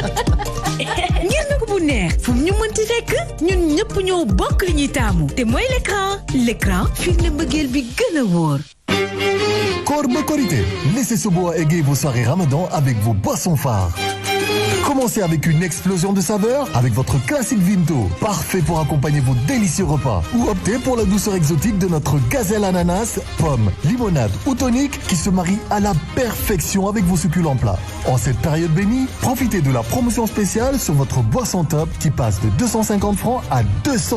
ngir nag bu neex fu ñu mënti fekk ñun ñëpp bokk li ñuy taamu te mooy l'écran l'écran fi la mbëggeel bi gën a laissez ce bois aiguille vous soirée Ramadan avec vos boissons phares Commencez avec une explosion de saveurs avec votre classique Vinto, parfait pour accompagner vos délicieux repas. Ou optez pour la douceur exotique de notre gazelle ananas, pomme, limonade ou tonique qui se marie à la perfection avec vos succulents plats. En cette période bénie, profitez de la promotion spéciale sur votre boisson top qui passe de francs à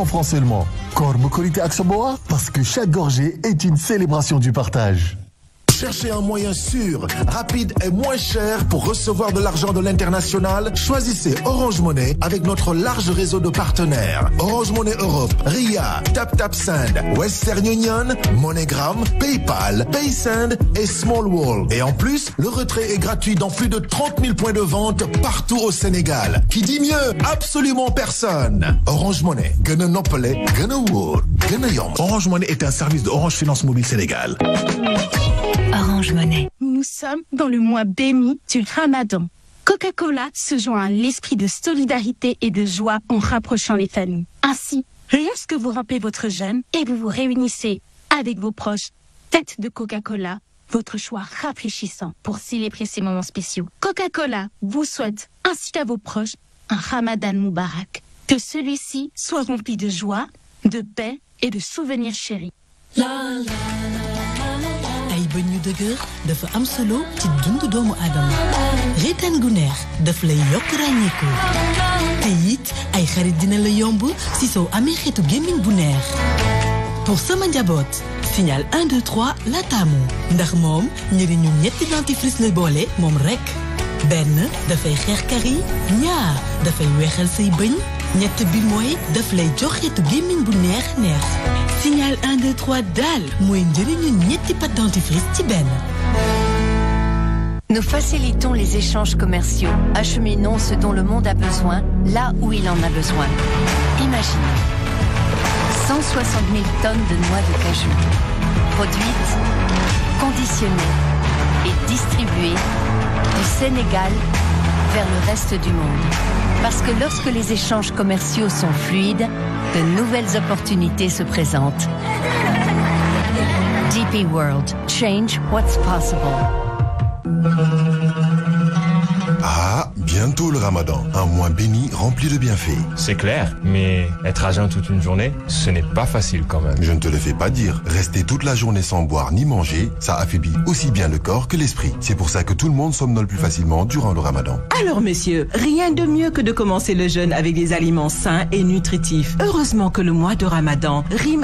francs seulement. Corbe Action parce que chaque gorgée est une célébration du partage. Cherchez un moyen sûr, rapide et moins cher pour recevoir de l'argent de l'international. Choisissez Orange Money avec notre large réseau de partenaires. Orange Money Europe, Ria, TapTapSend, Western Union, MoneyGram, PayPal, PaySend et Smallwall. Et en plus, le retrait est gratuit dans plus de 30 000 points de vente partout au Sénégal. Qui dit mieux? Absolument personne. Orange Money, gën a noppale, gën a gën a yomb. Orange Money est un service de Orange Finance Orange Nous sommes dans le mois béni du Ramadan. Coca-Cola se joint à l'esprit de solidarité et de joie en rapprochant les familles. Ainsi, lorsque vous rompez votre jeûne et vous vous réunissez avec vos proches, tête de Coca-Cola, votre choix rafraîchissant pour célébrer ces moments spéciaux. Coca-Cola vous souhaite, ainsi qu'à vos proches, un Ramadan Moubarak. Que celui-ci soit rempli de joie, de paix et de souvenirs chéris. bëñ yu dëgër dafa am solo ci dundu doomu aadama reetaan gu neex daf lay yokk ràññeeku te it ay xarit dina la yomb ci soo amee xeetu gémmiñ bu neex pour sama njaboot signal 1 2 3 la taamu ndax moom njëriñu ñetti dentifrice la boole moom rekk benn dafay xeex kari ñaar dafay weexal say bëñ ñett bi mooy daf lay jox xeetu gémmiñ bu neex neex Royal 1 2 3 daal mooy njëriñu ci benn. Nous facilitons les échanges commerciaux, acheminons ce dont le monde a besoin là où il en a besoin. Imaginez tonnes de noix de cajou, produites, conditionnées et distribuées du Sénégal vers le reste du monde. Parce que lorsque les échanges commerciaux sont fluides, de nouvelles opportunités se présentent. DP World, change what's possible. Bientôt le ramadan, un mois béni rempli de bienfaits. C'est clair, mais être à toute une journée, ce n'est pas facile quand même. Je ne te le fais pas dire. Rester toute la journée sans boire ni manger, ça affaiblit aussi bien le corps que l'esprit. C'est pour ça que tout le monde somnole plus facilement durant le ramadan. Alors messieurs, rien de mieux que de commencer le jeûne avec des aliments sains et nutritifs. Heureusement que le mois de ramadan rime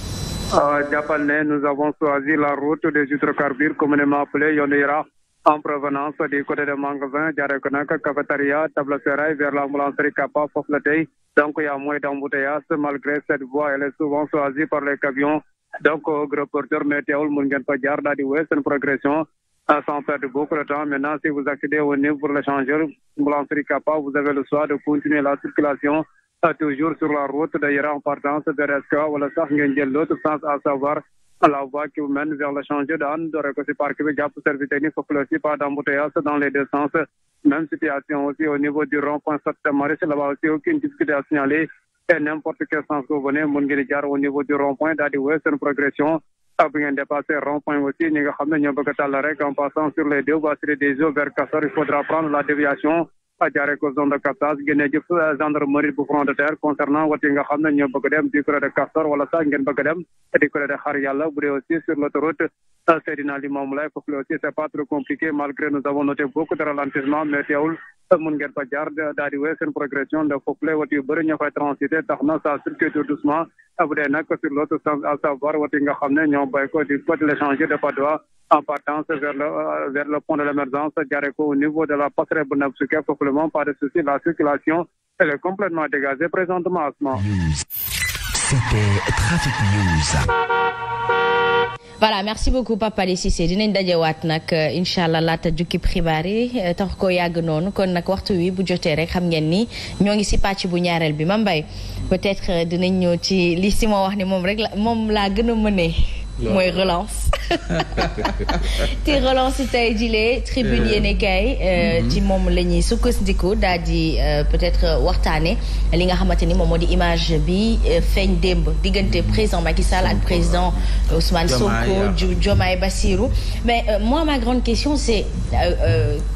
Diapané, euh, nous avons choisi la route des hydrocarbures communément appelée Yonira en provenance du côté de Mangazin, Diarekonak, Cafétéria, Tableserai vers l'ambulancerie Kappa, Donc il y a moins d'embouteillages malgré cette voie, elle est souvent choisie par les camions. Donc au gros porteur météo, Mungen Fadjar, Dadi une progression euh, sans perdre beaucoup de temps. Maintenant, si vous accédez au niveau pour l'échangeur, l'ambulancerie Kappa, vous avez le choix de continuer la circulation toujours sur la route d'ailleurs en partance de Reska wala sax ngeen jël l'autre sens à savoir la voie qui vous mène vers le change d'Anne doore ko si parc bi jàpp service technique foofu la aussi pas d'embouteillage dans les deux sens même situation aussi au niveau du rond-point Stade Maris là-bas aucune difficulté à signaler et n'importe quel sens que vous venez mun ngeen di au niveau du rond-point daal di wéy progression bu ngeen dépassé jaaree ko de captage génnee ci euh, gendarmerie bu front de terre concernant wat yi xam ne ñoo bëgg dem du côté de Castor wala sax ngeen bëgg dem du côté de Xar Yàlla aussi sur l'autoroute euh, Seydina Limamou Laye foofu aussi c'est pas trop compliqué malgré nous avons noté beaucoup de ralentissement mais teewul euh, mun ngeen fa jaar daal progression de foofu wat yu bëri ñoo fay transiter tax na ça circule tout doucement sur l'autre sens à wat yi nga en partant vers le, euh, vers le pont de l'émergence, Gareko, au niveau de la mmh. merci beaucoup Papa Alé Cissé dinañ dajewaat nag euh, incha laata jukkib xibaar yi euh, tax ko yàgg noonu kon nag waxtu wi bu jotee rek xam ngeen ni ñoo ngi si pàcc bu ñaareel bi ma mbay peut-être dinañ ñëw ci li si moo wax ni moom la moom laa gën a mënee mooy relance te relance tey jilee tribune yéene kaay euh, mhm. ci moom la ñuy sukkandiku daal di euh, peut-être euh, waxtaane li nga xamante ni moom moo di image bi feeñ démb diggante mhm. président Macky Sall ak président Ousmane Sonko Diomaye Bassirou mais moi ma grande question c'est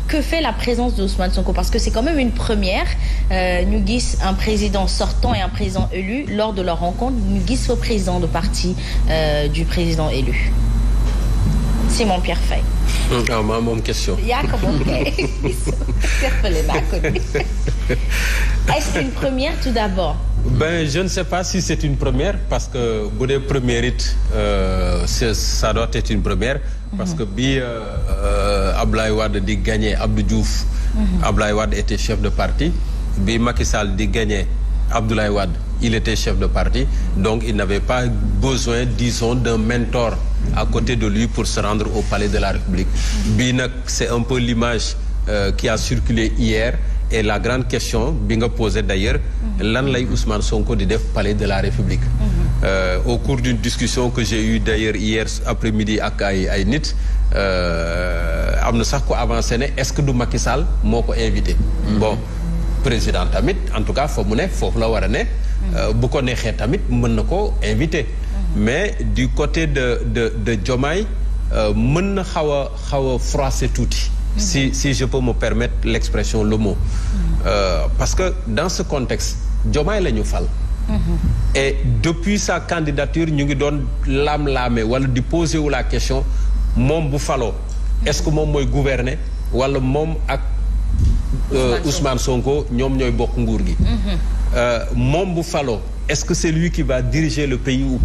que fait la présence d'Ousmane Sonko parce que c'est quand même une première ñu gis un président sortant et un président élu lors de leur rencontre ñu gis fa président de parti du président président moom ah, question. yaa ko moom kay interpellé maa ko ni est-ce une première tout d'abord. je ne sais pas si c'est une première parce que bu dee première it euh, ça doit parce que bi euh, euh Ablaye Wade di gagné Abdou Diouf. Mhm. Ablaye Wade était chef de parti bi Macky di gagné. Abdoulaye Wade il était chef de parti donc il n'avait pas besoin disons d'un mentor à côté de lui pour se rendre au palais de la République bii nag c'est un peu l'image euh, qui a circulé hier et la grande question bi nga posé d'ailleurs lan lay Ousmane Sonko di def palais de la République euh, au cours d'une discussion que j'ai eue d'ailleurs hier après-midi ak ay ay nit euh, am na sax ko avancé ne est-ce que du Macky Sall moo ko invité bon président tamit en tout cas fa mu ne foofu la war a ne. Euh, bu ko neexee tamit mën na ko invité. Mhm. mais du côté de de de Diomaye euh, mën na xaw a xaw a froissé tuuti. Mhm. si si je peux mu permettre l'expression le mot. Mhm. Euh, parce que dans ce contexte Diomaye la ñu fal. et depuis sa candidature ñu ngi doon laam-laame wala di poser wu la question moom bu faloo. est-ce que moom mooy gouverner wala moom ak. Euh, Ousmane Sonko ñoom ñooy bokk nguur gi. Euh, moom bu faloo est-ce que c'est lui qui va diriger le pays ou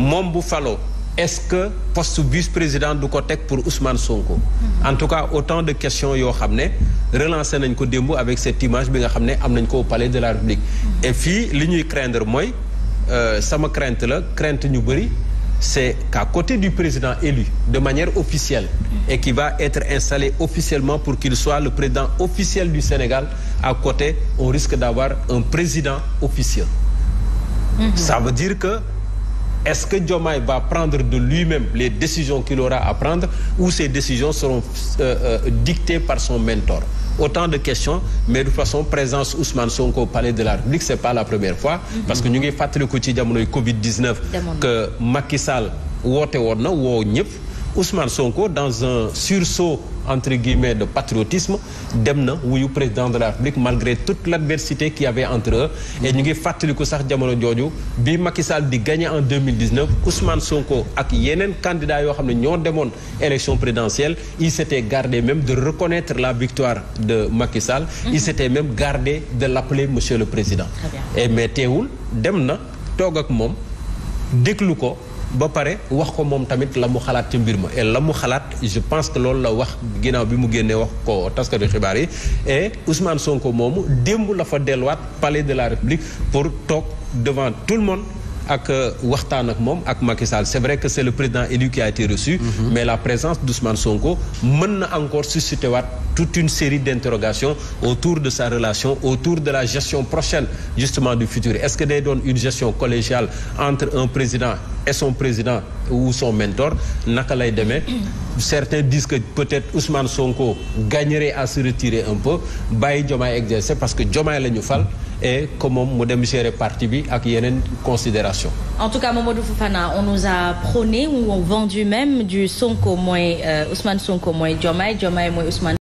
moom bu falo est-ce que post vice-président du ko teg pour Ousmane Sonko. en tout cas autant de question yoo xam ne relancé nañ ko démb avec cette image bi nga xam ne am nañ ko au palais de la République. et fii li ñuy craindre mooy euh, sama crainte la crainte ñu bëri. c'est qu'à côté du président élu, de manière officielle, et qui va être installé officiellement pour qu'il soit le président officiel du Sénégal, à côté, on risque d'avoir un président officiel. Mm -hmm. Ça veut dire que Est-ce que Diomaye va prendre de lui-même les décisions qu'il aura à prendre ou ces décisions seront euh, euh, dictées par son mentor Autant de questions, mais de toute façon, présence Ousmane Sonko au palais de la République, ce n'est pas la première fois. Mm-hmm. Parce que nous avons fait le quotidien de Covid-19 que Macky Sall, Wote Wona, Wo Nyep, Ousmane Sonko dans un sursaut entre guillemets de patriotisme dem na wuyu président de la République malgré toute l'adversité qu'il y avait entre eux et ñu ngi fàttaliku sax jamono jooju bi Macky Sall di gagné en 2019 Ousmane Sonko ak yeneen candidats yoo xam ne ñoo demoon élection présidentielle il s'était gardé même de reconnaître la victoire de Macky Sall mhm. il s'était même gardé de lapple monsieur le président et mais teewul dem na toog ak moom déglu ko ba pare wax ko moom tamit la mu xalaat ci mbir ma et la mu xalaat je pense que loolu la wax ginnaaw bi mu génnee wax ko taskatu xibaar yi e Ousmane Sonko moomu démb la fa delluwaat palais de la République pour toog devant tout le monde ak euh, waxtaan ak moom ak Macky Sall c'est vrai que c'est le président élu qui a été reçu. Mhm. mais la présence d'Ousmane Sonko mën na encore susciter waat toute une série d'interrogations autour de sa relation autour de la gestion prochaine justement du futur est-ce que day doon une gestion collégiale entre un président et son président ou son mentor naka lay demee certains disent que peut-être Ousmane Sonko gagnerait à se retirer un peu bàyyi Diomaye exercer parce que Diomaye la ñu fal e que moom mu dem gérer parti bi ak yeneen considération en tout cas Mamadou Fofana on nous a prôné ou on vendu du Sonko moy euh, Ousmane Sonko mooy Diomaye Diomaye mooy Ousmane